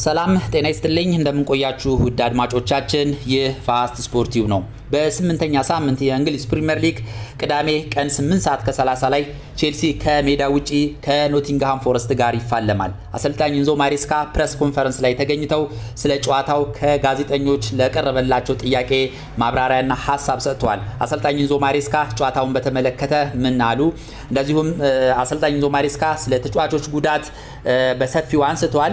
ሰላም ጤና ይስጥልኝ። እንደምንቆያችሁ ውድ አድማጮቻችን፣ ይህ ፋስት ስፖርቲው ነው። በስምንተኛ ሳምንት የእንግሊዝ ፕሪምየር ሊግ ቅዳሜ ቀን 8 ሰዓት ከ30 ላይ ቼልሲ ከሜዳ ውጪ ከኖቲንግሃም ፎረስት ጋር ይፋለማል። አሰልጣኝ እንዞ ማሬስካ ፕሬስ ኮንፈረንስ ላይ ተገኝተው ስለ ጨዋታው ከጋዜጠኞች ለቀረበላቸው ጥያቄ ማብራሪያና ሀሳብ ሰጥተዋል። አሰልጣኝ እንዞ ማሬስካ ጨዋታውን በተመለከተ ምን አሉ? እንደዚሁም አሰልጣኝ እንዞ ማሬስካ ስለ ተጫዋቾች ጉዳት በሰፊው አንስተዋል።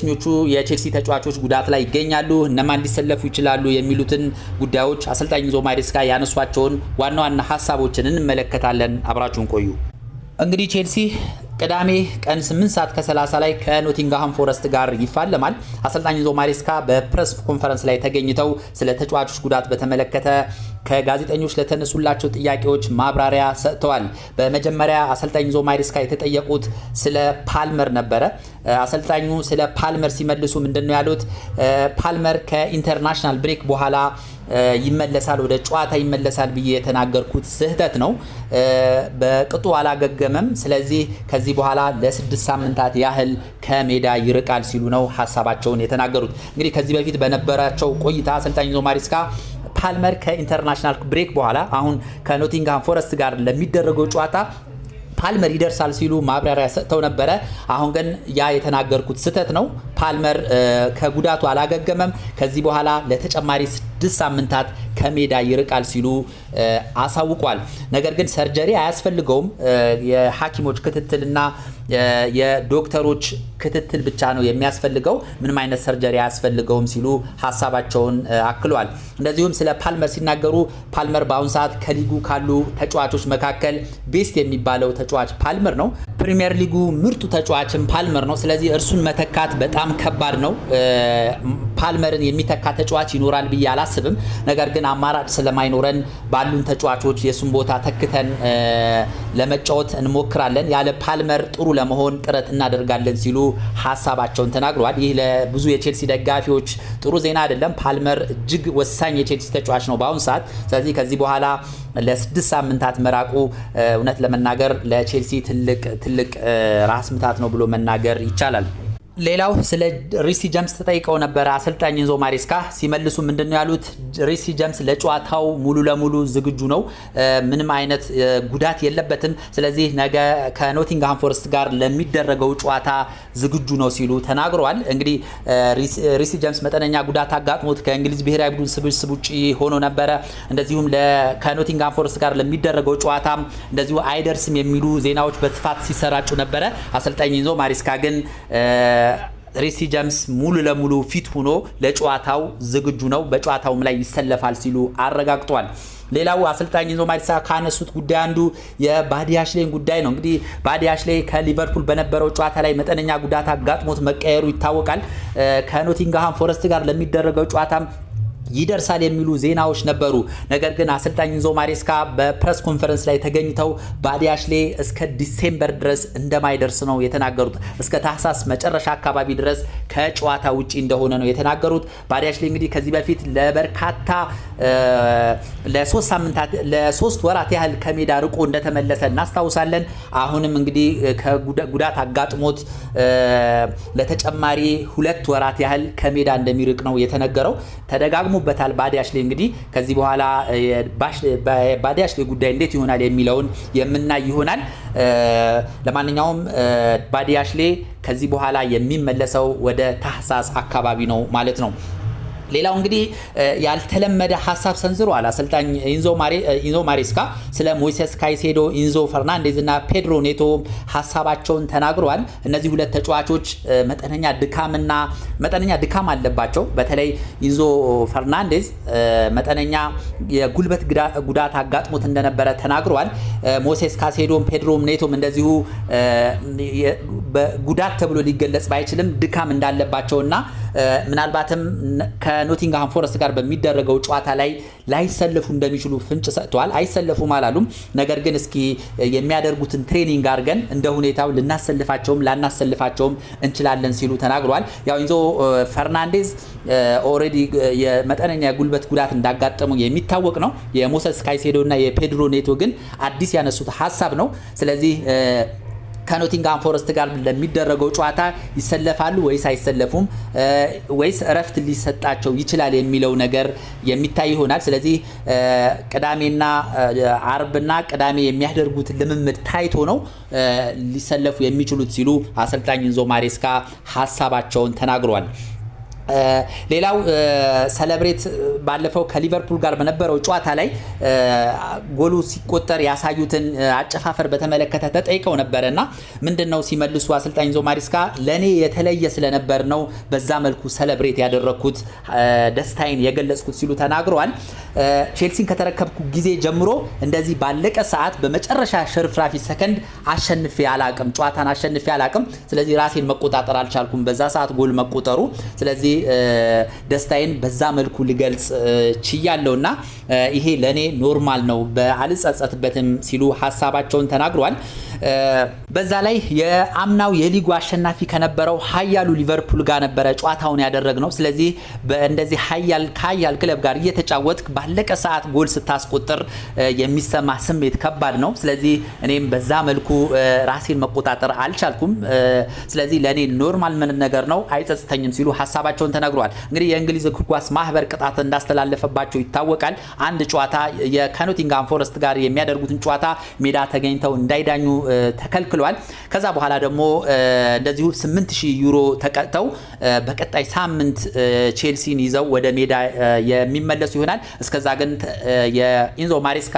የትኞቹ የቼልሲ ተጫዋቾች ጉዳት ላይ ይገኛሉ፣ እነማን ሊሰለፉ ይችላሉ የሚሉትን ጉዳዮች አሰልጣኝ ዞ ማሬስካ ያነሷቸውን ዋና ዋና ሀሳቦችን እንመለከታለን። አብራችሁን ቆዩ። እንግዲህ ቼልሲ ቅዳሜ ቀን 8 ሰዓት ከ30 ላይ ከኖቲንግሃም ፎረስት ጋር ይፋለማል። አሰልጣኝ ዞ ማሬስካ በፕሬስ ኮንፈረንስ ላይ ተገኝተው ስለ ተጫዋቾች ጉዳት በተመለከተ ከጋዜጠኞች ለተነሱላቸው ጥያቄዎች ማብራሪያ ሰጥተዋል። በመጀመሪያ አሰልጣኝ ዞ ማሬስካ የተጠየቁት ስለ ፓልመር ነበረ። አሰልጣኙ ስለ ፓልመር ሲመልሱ ምንድን ነው ያሉት? ፓልመር ከኢንተርናሽናል ብሬክ በኋላ ይመለሳል፣ ወደ ጨዋታ ይመለሳል ብዬ የተናገርኩት ስህተት ነው። በቅጡ አላገገመም። ስለዚህ ከዚህ በኋላ ለስድስት ሳምንታት ያህል ከሜዳ ይርቃል ሲሉ ነው ሀሳባቸውን የተናገሩት። እንግዲህ ከዚህ በፊት በነበራቸው ቆይታ አሰልጣኝ ኢንዞ ማሪስካ ፓልመር ከኢንተርናሽናል ብሬክ በኋላ አሁን ከኖቲንግሃም ፎረስት ጋር ለሚደረገው ጨዋታ ፓልመር ይደርሳል ሲሉ ማብራሪያ ሰጥተው ነበረ። አሁን ግን ያ የተናገርኩት ስህተት ነው። ፓልመር ከጉዳቱ አላገገመም። ከዚህ በኋላ ለተጨማሪ ስድስት ሳምንታት ከሜዳ ይርቃል ሲሉ አሳውቋል። ነገር ግን ሰርጀሪ አያስፈልገውም። የሐኪሞች ክትትልና የዶክተሮች ክትትል ብቻ ነው የሚያስፈልገው። ምንም አይነት ሰርጀሪ አያስፈልገውም ሲሉ ሀሳባቸውን አክሏል። እንደዚሁም ስለ ፓልመር ሲናገሩ ፓልመር በአሁኑ ሰዓት ከሊጉ ካሉ ተጫዋቾች መካከል ቤስት የሚባለው ተጫዋች ፓልመር ነው። ፕሪሚየር ሊጉ ምርጡ ተጫዋችም ፓልመር ነው። ስለዚህ እርሱን መተካት በጣም በጣም ከባድ ነው። ፓልመርን የሚተካ ተጫዋች ይኖራል ብዬ አላስብም። ነገር ግን አማራጭ ስለማይኖረን ባሉን ተጫዋቾች የሱን ቦታ ተክተን ለመጫወት እንሞክራለን። ያለ ፓልመር ጥሩ ለመሆን ጥረት እናደርጋለን ሲሉ ሀሳባቸውን ተናግረዋል። ይህ ለብዙ የቼልሲ ደጋፊዎች ጥሩ ዜና አይደለም። ፓልመር እጅግ ወሳኝ የቼልሲ ተጫዋች ነው በአሁኑ ሰዓት። ስለዚህ ከዚህ በኋላ ለስድስት ሳምንታት መራቁ እውነት ለመናገር ለቼልሲ ትልቅ ትልቅ ራስ ምታት ነው ብሎ መናገር ይቻላል። ሌላው ስለ ሪሲ ጀምስ ተጠይቀው ነበረ አሰልጣኝ ኢንዞ ማሬስካ ሲመልሱ ምንድነው ያሉት? ሪሲ ጀምስ ለጨዋታው ሙሉ ለሙሉ ዝግጁ ነው፣ ምንም አይነት ጉዳት የለበትም። ስለዚህ ነገ ከኖቲንግሃም ፎረስት ጋር ለሚደረገው ጨዋታ ዝግጁ ነው ሲሉ ተናግረዋል። እንግዲህ ሪሲ ጀምስ መጠነኛ ጉዳት አጋጥሞት ከእንግሊዝ ብሔራዊ ቡድን ስብስብ ውጭ ሆኖ ነበረ። እንደዚሁም ከኖቲንግሃም ፎረስት ጋር ለሚደረገው ጨዋታ እንደዚሁ አይደርስም የሚሉ ዜናዎች በስፋት ሲሰራጩ ነበረ። አሰልጣኝ ኢንዞ ማሬስካ ግን ሬሲ ጀምስ ሙሉ ለሙሉ ፊት ሆኖ ለጨዋታው ዝግጁ ነው፣ በጨዋታውም ላይ ይሰለፋል ሲሉ አረጋግጧል። ሌላው አሰልጣኝ ኢንዞ ማሪስካ ካነሱት ጉዳይ አንዱ የባዲ አሽሌን ጉዳይ ነው። እንግዲህ ባዲ አሽሌ ከሊቨርፑል በነበረው ጨዋታ ላይ መጠነኛ ጉዳት አጋጥሞት መቀየሩ ይታወቃል። ከኖቲንግሃም ፎረስት ጋር ለሚደረገው ጨዋታም ይደርሳል የሚሉ ዜናዎች ነበሩ። ነገር ግን አሰልጣኝ ኢንዞ ማሬስካ በፕሬስ ኮንፈረንስ ላይ ተገኝተው ባዲያሽሌ እስከ ዲሴምበር ድረስ እንደማይደርስ ነው የተናገሩት። እስከ ታህሳስ መጨረሻ አካባቢ ድረስ ከጨዋታ ውጪ እንደሆነ ነው የተናገሩት። ባዲያሽሌ እንግዲህ ከዚህ በፊት ለበርካታ ለሶስት ሳምንታት ለሶስት ወራት ያህል ከሜዳ ርቆ እንደተመለሰ እናስታውሳለን። አሁንም እንግዲህ ከጉዳት አጋጥሞት ለተጨማሪ ሁለት ወራት ያህል ከሜዳ እንደሚርቅ ነው የተነገረው ተደጋግሞ ይጠቀሙበታል። አሽሌ እንግዲህ ከዚህ በኋላ አሽሌ ጉዳይ እንዴት ይሆናል የሚለውን የምናይ ይሆናል። ለማንኛውም አሽሌ ከዚህ በኋላ የሚመለሰው ወደ ታህሳስ አካባቢ ነው ማለት ነው። ሌላው እንግዲህ ያልተለመደ ሀሳብ ሰንዝሯል አሰልጣኝ ኢንዞ ማሬስካ ስለ ሞይሴስ ካይሴዶ፣ ኢንዞ ፈርናንዴዝ እና ፔድሮ ኔቶ ሀሳባቸውን ተናግረዋል። እነዚህ ሁለት ተጫዋቾች መጠነኛ ድካምና መጠነኛ ድካም አለባቸው። በተለይ ኢንዞ ፈርናንዴዝ መጠነኛ የጉልበት ጉዳት አጋጥሞት እንደነበረ ተናግረዋል። ሞሴስ ካይሴዶም ፔድሮም ኔቶም እንደዚሁ ጉዳት ተብሎ ሊገለጽ ባይችልም ድካም እንዳለባቸውና ምናልባትም ከኖቲንግሃም ፎረስት ጋር በሚደረገው ጨዋታ ላይ ላይሰለፉ እንደሚችሉ ፍንጭ ሰጥተዋል። አይሰለፉም አላሉም። ነገር ግን እስኪ የሚያደርጉትን ትሬኒንግ አድርገን እንደ ሁኔታው ልናሰልፋቸውም ላናሰልፋቸውም እንችላለን ሲሉ ተናግረዋል። ያው ኢንዞ ፈርናንዴዝ ኦልሬዲ የመጠነኛ የጉልበት ጉዳት እንዳጋጠሙ የሚታወቅ ነው። የሞሰስ እና የፔድሮ ኔቶ ግን አዲስ ያነሱት ሀሳብ ነው። ስለዚህ ከኖቲንጋም ፎረስት ጋር ለሚደረገው ጨዋታ ይሰለፋሉ ወይስ አይሰለፉም ወይስ እረፍት ሊሰጣቸው ይችላል የሚለው ነገር የሚታይ ይሆናል። ስለዚህ ቅዳሜና አርብና ቅዳሜ የሚያደርጉት ልምምድ ታይቶ ነው ሊሰለፉ የሚችሉት ሲሉ አሰልጣኝ ኢንዞ ማሬስካ ሀሳባቸውን ተናግሯል። ሌላው ሰለብሬት ባለፈው ከሊቨርፑል ጋር በነበረው ጨዋታ ላይ ጎሉ ሲቆጠር ያሳዩትን አጨፋፈር በተመለከተ ተጠይቀው ነበረ እና ምንድን ነው ሲመልሱ አሰልጣኝ ማሪስካ ለእኔ የተለየ ስለነበር ነው በዛ መልኩ ሰለብሬት ያደረግኩት ደስታዬን የገለጽኩት ሲሉ ተናግረዋል። ቼልሲን ከተረከብኩ ጊዜ ጀምሮ እንደዚህ ባለቀ ሰዓት በመጨረሻ ሽርፍራፊ ሰከንድ አሸንፌ አላቅም፣ ጨዋታን አሸንፌ አላቅም። ስለዚህ ራሴን መቆጣጠር አልቻልኩም በዛ ሰዓት ጎል መቆጠሩ ስለዚህ ደስታዬን በዛ መልኩ ልገልጽ ችያለው እና ይሄ ለእኔ ኖርማል ነው፣ አልጸጸትበትም ሲሉ ሀሳባቸውን ተናግሯል። በዛ ላይ የአምናው የሊጉ አሸናፊ ከነበረው ሀያሉ ሊቨርፑል ጋር ነበረ ጨዋታውን ነው ስለዚህ እንደዚህ ሀያል ከሀያል ክለብ ጋር እየተጫወት ባለቀ ሰዓት ጎል ስታስቆጥር የሚሰማ ስሜት ከባድ ነው። ስለዚህ እኔም በዛ መልኩ ራሴን መቆጣጠር አልቻልኩም። ስለዚህ ለእኔ ኖርማል ምን ነገር ነው አይጸጽተኝም ሲሉ ሀሳባቸውን ተናግረዋል። እንግዲህ የእንግሊዝ እግር ኳስ ማህበር ቅጣት እንዳስተላለፈባቸው ይታወቃል። አንድ ጨዋታ ከኖቲንጋም ፎረስት ጋር የሚያደርጉትን ጨዋታ ሜዳ ተገኝተው እንዳይዳኙ ተከልክሏል። ከዛ በኋላ ደግሞ እንደዚሁ 8000 ዩሮ ተቀጥተው በቀጣይ ሳምንት ቼልሲን ይዘው ወደ ሜዳ የሚመለሱ ይሆናል። እስከዛ ግን የኢንዞ ማሬስካ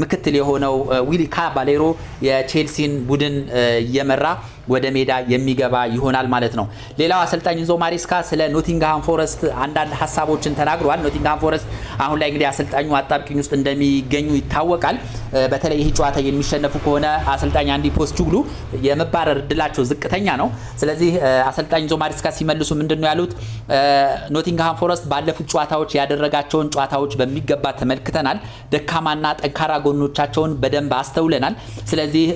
ምክትል የሆነው ዊሊ ካባሌሮ የቼልሲን ቡድን እየመራ ወደ ሜዳ የሚገባ ይሆናል ማለት ነው። ሌላው አሰልጣኝ ኢንዞ ማሬስካ ስለ ኖቲንግሃም ፎረስት አንዳንድ ሀሳቦችን ተናግረዋል። ኖቲንግሃም ፎረስት አሁን ላይ እንግዲህ አሰልጣኙ አጣብቂኝ ውስጥ እንደሚገኙ ይታወቃል። በተለይ ይህ ጨዋታ የሚሸነፉ ከሆነ አሰልጣኝ አንዲ ፖስቱግሉ የመባረር እድላቸው ዝቅተኛ ነው። ስለዚህ አሰልጣኝ ኢንዞ ማሬስካ ሲመልሱ ምንድን ነው ያሉት? ኖቲንግሃም ፎረስት ባለፉት ጨዋታዎች ያደረጋቸውን ጨዋታዎች በሚገባ ተመልክተናል። ደካማና ጠንካራ ጎኖቻቸውን በደንብ አስተውለናል። ስለዚህ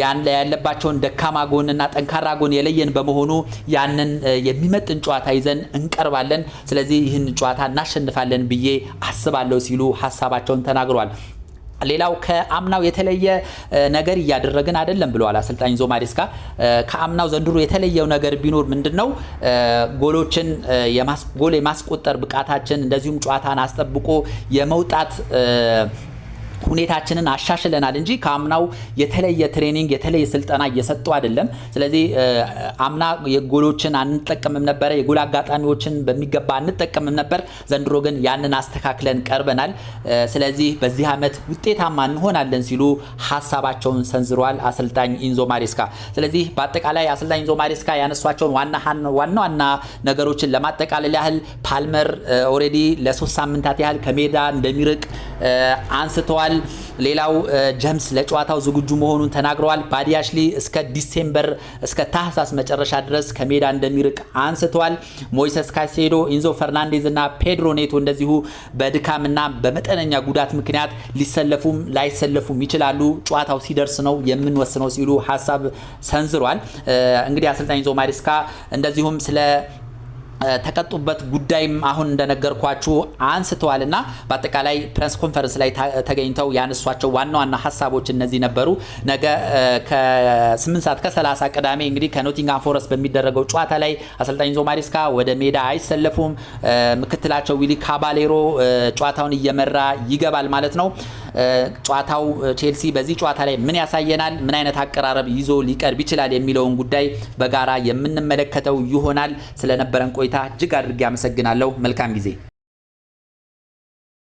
ያለባቸውን ደካማ ጎንና ጠንካራ ጎን የለየን በመሆኑ ያንን የሚመጥን ጨዋታ ይዘን እንቀርባለን። ስለዚህ ይህን ጨዋታ እናሸንፋለን ብዬ አስባለሁ ሲሉ ሀሳባቸውን ተናግረዋል። ሌላው ከአምናው የተለየ ነገር እያደረግን አይደለም ብለዋል አሰልጣኝ ዞማሪስካ። ከአምናው ዘንድሮ የተለየው ነገር ቢኖር ምንድን ነው? ጎሎችን ጎል የማስቆጠር ብቃታችን እንደዚሁም ጨዋታን አስጠብቆ የመውጣት ሁኔታችንን አሻሽለናል እንጂ ከአምናው የተለየ ትሬኒንግ የተለየ ስልጠና እየሰጡ አይደለም። ስለዚህ አምና የጎሎችን አንጠቀምም ነበረ፣ የጎል አጋጣሚዎችን በሚገባ አንጠቀምም ነበር። ዘንድሮ ግን ያንን አስተካክለን ቀርበናል። ስለዚህ በዚህ ዓመት ውጤታማ እንሆናለን ሲሉ ሀሳባቸውን ሰንዝረዋል አሰልጣኝ ኢንዞ ማሬስካ። ስለዚህ በአጠቃላይ አሰልጣኝ ኢንዞ ማሬስካ ያነሷቸውን ዋና ዋና ነገሮችን ለማጠቃለል ያህል ፓልመር ኦልሬዲ ለሶስት ሳምንታት ያህል ከሜዳ እንደሚርቅ አንስተዋል። ተናግረዋል። ሌላው ጀምስ ለጨዋታው ዝግጁ መሆኑን ተናግረዋል። ባዲያሽሊ እስከ ዲሴምበር እስከ ታህሳስ መጨረሻ ድረስ ከሜዳ እንደሚርቅ አንስተዋል። ሞይሰስ ካሴዶ፣ ኢንዞ ፈርናንዴዝ እና ፔድሮ ኔቶ እንደዚሁ በድካምና በመጠነኛ ጉዳት ምክንያት ሊሰለፉም ላይሰለፉም ይችላሉ። ጨዋታው ሲደርስ ነው የምንወስነው ሲሉ ሀሳብ ሰንዝሯል። እንግዲህ አሰልጣኝ ኢንዞ ማሪስካ እንደዚሁም ስለ ተቀጡበት ጉዳይም አሁን እንደነገርኳችሁ ና በአጠቃላይ ፕሬስ ኮንፈረንስ ላይ ተገኝተው ያነሷቸው ዋና ዋና ሀሳቦች እነዚህ ነበሩ። ነገ ከ8 ሰዓት ከ30 ቅዳሜ እንግዲህ ከኖቲንጋም ፎረስት በሚደረገው ጨዋታ ላይ አሰልጣኝ ዞ ወደ ሜዳ አይሰለፉም። ምክትላቸው ዊሊ ካባሌሮ ጨዋታውን እየመራ ይገባል ማለት ነው። ጨዋታው ቼልሲ በዚህ ጨዋታ ላይ ምን ያሳየናል፣ ምን አይነት አቀራረብ ይዞ ሊቀርብ ይችላል የሚለውን ጉዳይ በጋራ የምንመለከተው ይሆናል። ስለነበረን ቆይታ እጅግ አድርጌ አመሰግናለሁ። መልካም ጊዜ